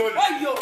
Jordan. Hey, yo.